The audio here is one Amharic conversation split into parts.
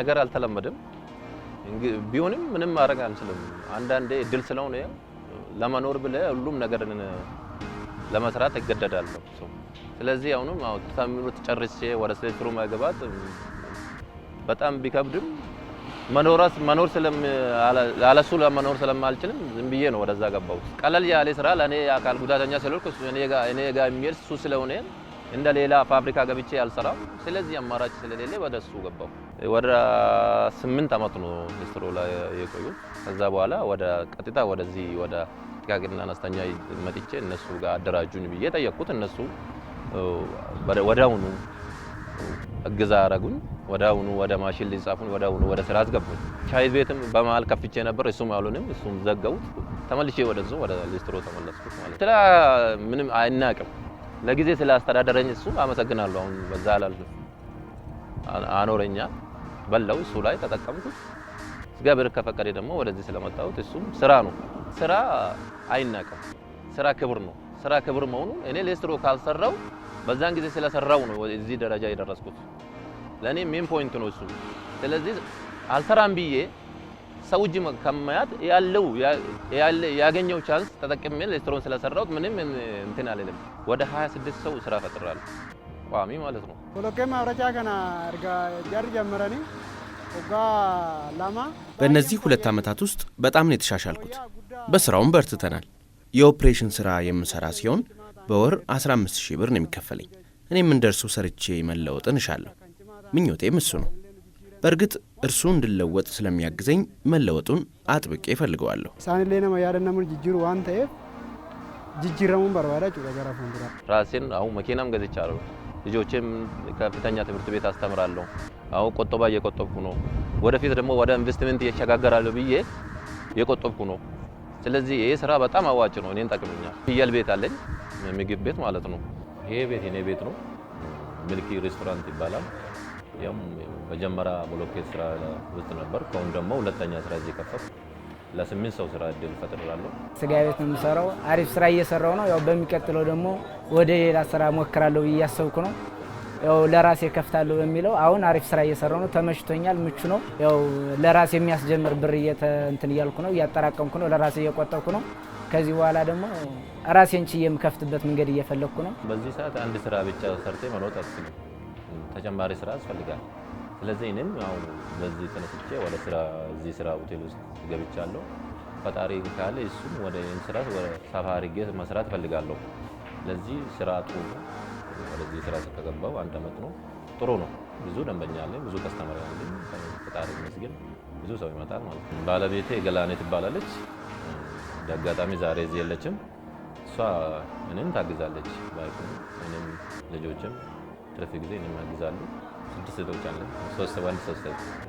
ነገር አልተለመደም። ቢሆንም ምንም ማድረግ አንችልም። አንዳንዴ እድል ስለሆነ ለመኖር ብለ ሁሉም ነገር ለመስራት እገደዳለሁ። ስለዚህ አሁንም ታምኖት ጨርሼ ወደ ስሩ መግባት በጣም ቢከብድም መኖራስ መኖር ስለም አለሱ ለመኖር ስለማልችልም ዝም ብዬ ነው ወደዛ ገባሁት። ቀለል ያለ ስራ ለኔ አካል ጉዳተኛ ስለሆንኩ እኔ ጋር እኔ ጋር የሚሄድ እሱ ስለሆነ እንደ ሌላ ፋብሪካ ገብቼ አልሰራም። ስለዚህ አማራጭ ስለሌለ ወደሱ ገባሁ። ወደ ስምንት ዓመት ነው ኢንዱስትሪ ላይ የቆዩ። ከዛ በኋላ ወደ ቀጥታ ወደዚህ ወደ ጥቃቅንና አነስተኛ መጥቼ እነሱ ጋር አደራጁን ብዬ ጠየቅኩት። እነሱ ወዳውኑ እገዛ አረጉኝ። ወዳውኑ ወደ ማሽን ሊጻፉኝ፣ ወዳውኑ ወደ ስራ አስገቡኝ። ሻይ ቤትም በመሀል ከፍቼ ነበር፣ እሱም አሉንም፣ እሱም ዘገቡት። ተመልሼ ወደ ወደ ሊስትሮ ተመለስኩት ማለት ስለ ምንም አይናቅም ለጊዜ ስለ አስተዳደረኝ እሱ አመሰግናለሁ። አሁን በዛ ላል አኖረኛ በላው፣ እሱ ላይ ተጠቀምኩት። እግዚአብሔር ከፈቀደ ደግሞ ወደዚህ ስለመጣሁት እሱም ስራ ነው። ስራ አይናቀም፣ ስራ ክብር ነው። ስራ ክብር መሆኑ እኔ ሌስትሮ ካልሰራው በዛን ጊዜ ስለሰራው ነው እዚህ ደረጃ የደረስኩት። ለእኔ ሜን ፖይንት ነው እሱ። ስለዚህ አልሰራም ብዬ ሰው እጅ ከማያት ያለው ያገኘው ቻንስ ተጠቅሜ ሌስትሮን ስለሰራሁት ምንም እንትን አልልም። ወደ 26 ሰው ስራ ፈጥራለሁ። ቋሚ ማለት ነው። ቶሎቄ ማውረጃ ገና እርጋ ጀር ጀምረኒ ጋ ላማ በእነዚህ ሁለት ዓመታት ውስጥ በጣም ነው የተሻሻልኩት። በስራውም በርትተናል። የኦፕሬሽን ስራ የምሰራ ሲሆን በወር 15 ሺህ ብር ነው የሚከፈለኝ። እኔም እንደርሱ ሰርቼ መለወጥን እሻለሁ። ምኞቴም እሱ ነው። በእርግጥ እርሱ እንድለወጥ ስለሚያግዘኝ መለወጡን አጥብቄ እፈልገዋለሁ። ሳንሌነ መያደነሙ ጅጅሩ ዋን ተኤፍ ጅጅረሙን በርባዳ ጩ ገራ ራሴን አሁን መኪናም ገዝቻለሁ። ልጆችም ከፍተኛ ትምህርት ቤት አስተምራለሁ። አሁን ቆጠባ እየቆጠብኩ ነው። ወደፊት ደግሞ ወደ ኢንቨስትመንት እየሸጋገራለሁ ብዬ እየቆጠብኩ ነው። ስለዚህ ይሄ ስራ በጣም አዋጭ ነው፣ እኔን ጠቅመኛል። ፍየል ቤት አለኝ፣ ምግብ ቤት ማለት ነው። ይሄ ቤት የኔ ቤት ነው። ሚልኪ ሬስቶራንት ይባላል። ያም መጀመሪያ ብሎኬት ስራ ውስጥ ነበር። ከሁን ደግሞ ሁለተኛ ስራ እዚህ ከፈት ለስምንት ሰው ስራ እድል ፈጥራለሁ። ስጋ ቤት ነው የምሰራው። አሪፍ ስራ እየሰራው ነው። ያው በሚቀጥለው ደግሞ ወደ ሌላ ስራ ሞክራለሁ እያሰብኩ ነው። ያው ለራሴ ከፍታለሁ በሚለው አሁን አሪፍ ስራ እየሰራው ነው። ተመችቶኛል። ምቹ ነው። ያው ለራሴ የሚያስጀምር ብር እንትን እያልኩ ነው፣ እያጠራቀምኩ ነው፣ ለራሴ እየቆጠብኩ ነው። ከዚህ በኋላ ደግሞ ራሴን ችዬ የምከፍትበት መንገድ እየፈለግኩ ነው። በዚህ ሰዓት አንድ ስራ ብቻ ሰርቴ መለወጥ አስችልም። ተጨማሪ ስራ ያስፈልጋል። ስለዚህ እኔም ያው በዚህ ተነስቼ ወደ ስራ እዚህ ስራ ሆቴል ውስጥ ገብቻለሁ። ፈጣሪ ካለ እሱም ወደ ስራ ሰፋ አድርጌ መስራት እፈልጋለሁ። ለዚህ ስራ ጥሩ ነው። ወደዚህ ስራ ስተገባው አንድ አመት ነው። ጥሩ ነው። ብዙ ደንበኛ አለኝ፣ ብዙ ከስተመር አለኝ። ፈጣሪ ይመስገን ብዙ ሰው ይመጣል ማለት ነው። ባለቤቴ ገላኔ ትባላለች። አጋጣሚ ዛሬ እዚህ የለችም። እሷ እኔም ታግዛለች። ባይኩ እኔም ልጆችም ትርፍ ጊዜ እኔም ያግዛሉ። ስድስት እህቶች አለን። ሶስት ወንድ ሶስት ሴት።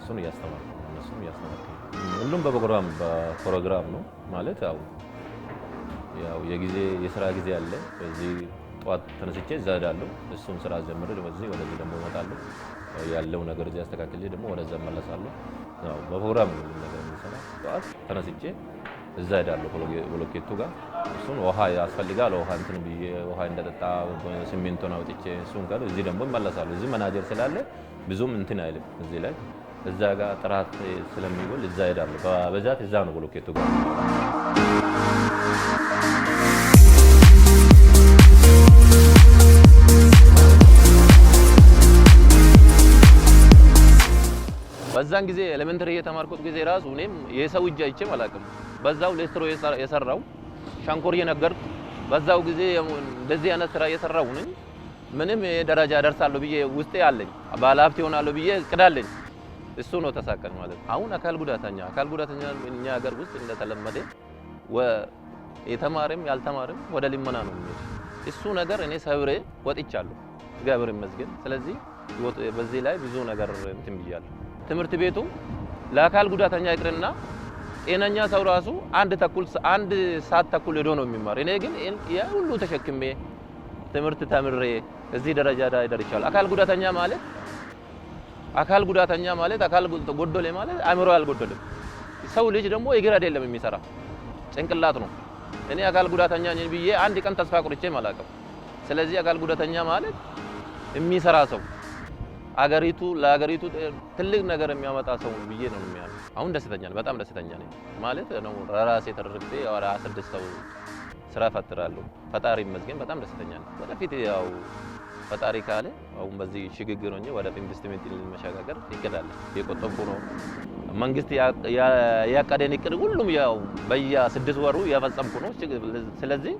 እሱን እያስተማር ነው፣ እነሱም እያስተማርኩ ሁሉም በፕሮግራም በፕሮግራም ነው ማለት ያው ያው የጊዜ የስራ ጊዜ አለ። በዚህ ጠዋት ተነስቼ እዛ እሄዳለሁ፣ እሱም ስራ ጀምሬ ወደዚህ ወደዚህ ደግሞ እመጣለሁ። ያለው ነገር እዚህ አስተካክሌ ደግሞ ወደዛ እመለሳለሁ። ያው በፕሮግራም ነው ነገር የሚሰራ። ጠዋት ተነስቼ እዛ እሄዳለሁ ብሎኬቱ ጋር እሱን ውሃ ያስፈልጋል። ውሃ እንትን ብዬ ውሃ እንደጠጣ ሲሚንቶ ነው አውጥቼ እሱን ከ እዚህ ደግሞ ይመለሳሉ። እዚህ መናጀር ስላለ ብዙም እንትን አይልም። እዚህ ላይ እዛ ጋር ጥራት ስለሚጎል እዛ ሄዳሉ። በብዛት እዛ ነው ብሎኬቱ ጋር በዛን ጊዜ ኤሌመንተሪ እየተማርኩት ጊዜ ራሱ እኔም የሰው እጅ አይቼም አላውቅም። በዛው ሌስትሮ የሰራው ሸንኮር እየነገርኩ በዛው ጊዜ እንደዚህ አይነት ስራ እየሰራሁ ነኝ። ምንም ደረጃ ደርሳለሁ ብዬ ውስጤ አለኝ፣ ባለሀብት ይሆናለሁ ብዬ እቅዳለኝ። እሱ ነው ተሳካኝ ማለት ነው። አሁን አካል ጉዳተኛ አካል ጉዳተኛ እኛ ሀገር ውስጥ እንደተለመደ የተማረም ያልተማረም ወደ ልመና ነው የሚሄድ። እሱ ነገር እኔ ሰብሬ ወጥቻለሁ፣ እግዚአብሔር ይመስገን። ስለዚህ በዚህ ላይ ብዙ ነገር እንትን ብያለሁ። ትምህርት ቤቱ ለአካል ጉዳተኛ ይቅርና ጤነኛ ሰው ራሱ አንድ ተኩል አንድ ሰዓት ተኩል ሄዶ ነው የሚማር። እኔ ግን ያ ሁሉ ተሸክሜ ትምህርት ተምሬ እዚህ ደረጃ ላይ ደርቻለሁ። አካል ጉዳተኛ ማለት አካል ጉዳተኛ ማለት አካል ጎደለ ማለት አእምሮ አልጎደለም። ሰው ልጅ ደግሞ እግር አይደለም የሚሰራ ጭንቅላት ነው። እኔ አካል ጉዳተኛ ነኝ ብዬ አንድ ቀን ተስፋ ቆርጬ አላውቅም። ስለዚህ አካል ጉዳተኛ ማለት የሚሰራ ሰው አገሪቱ ለአገሪቱ ትልቅ ነገር የሚያመጣ ሰው ብዬ ነው የሚያምነው። አሁን ደስተኛ ነኝ፣ በጣም ደስተኛ ነኝ ማለት ነው። ራሴ ተደርግዜ ወደ 16 ሰው ስራ ፈጥራለሁ። ፈጣሪ ይመስገን፣ በጣም ደስተኛ ነኝ። ወደፊት ያው ፈጣሪ ካለ አሁን በዚህ ሽግግር ሆኜ ወደ ኢንቨስትመንት መሸጋገር ይቀዳለ የቆጠብኩ ነው። መንግስት ያቀደን እቅድ ሁሉም ያው በየስድስት ወሩ ያፈጸምኩ ነው። ስለዚህ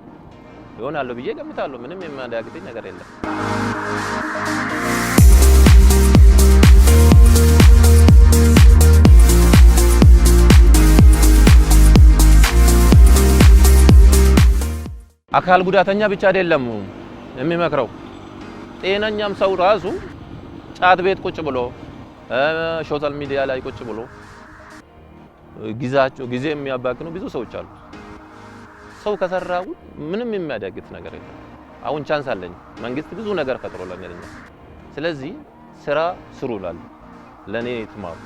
ይሆናለሁ ብዬ ገምታለሁ። ምንም የሚያዳግተኝ ነገር የለም። አካል ጉዳተኛ ብቻ አይደለም የሚመክረው፣ ጤነኛም ሰው ራሱ ጫት ቤት ቁጭ ብሎ ሶሻል ሚዲያ ላይ ቁጭ ብሎ ጊዜያቸው ጊዜ የሚያባክኑ ብዙ ሰዎች አሉ። ሰው ከሰራው ምንም የሚያዳግት ነገር የለም። አሁን ቻንስ አለኝ፣ መንግስት ብዙ ነገር ለኛ ስለዚህ ስራ ስሩ እላለሁ። ትማሩ።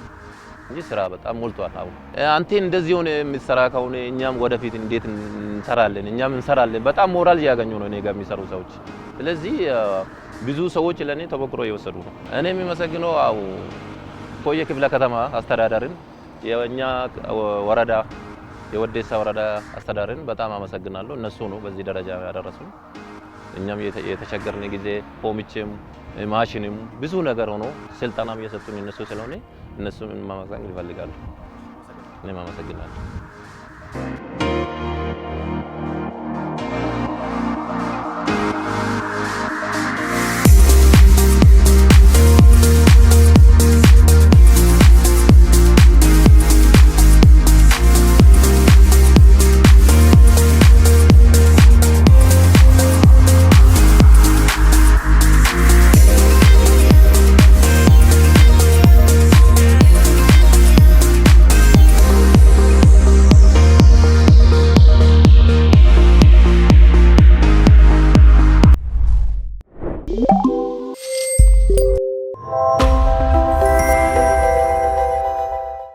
እንጂ ስራ በጣም ሞልቷል። አሁን አንቴ እንደዚህ ሆነ የምትሰራ ከሆነ እኛም ወደፊት እንዴት እንሰራለን? እኛም እንሰራለን። በጣም ሞራል እያገኙ ነው እኔ ጋር የሚሰሩ ሰዎች። ስለዚህ ብዙ ሰዎች ለእኔ ተሞክሮ እየወሰዱ ነው። እኔ የሚመሰግነው አው ኮየ ክፍለ ከተማ አስተዳደርን የእኛ ወረዳ የወዴሳ ወረዳ አስተዳደርን በጣም አመሰግናለሁ። እነሱ ነው በዚህ ደረጃ ያደረሱን። እኛም የተቸገርን ጊዜ ሆምቼም ማሽንም ብዙ ነገር ሆኖ ስልጠናም እየሰጡን እነሱ ስለሆነ እነሱም ማመሰግን ይፈልጋሉ። እኔም አመሰግናለሁ።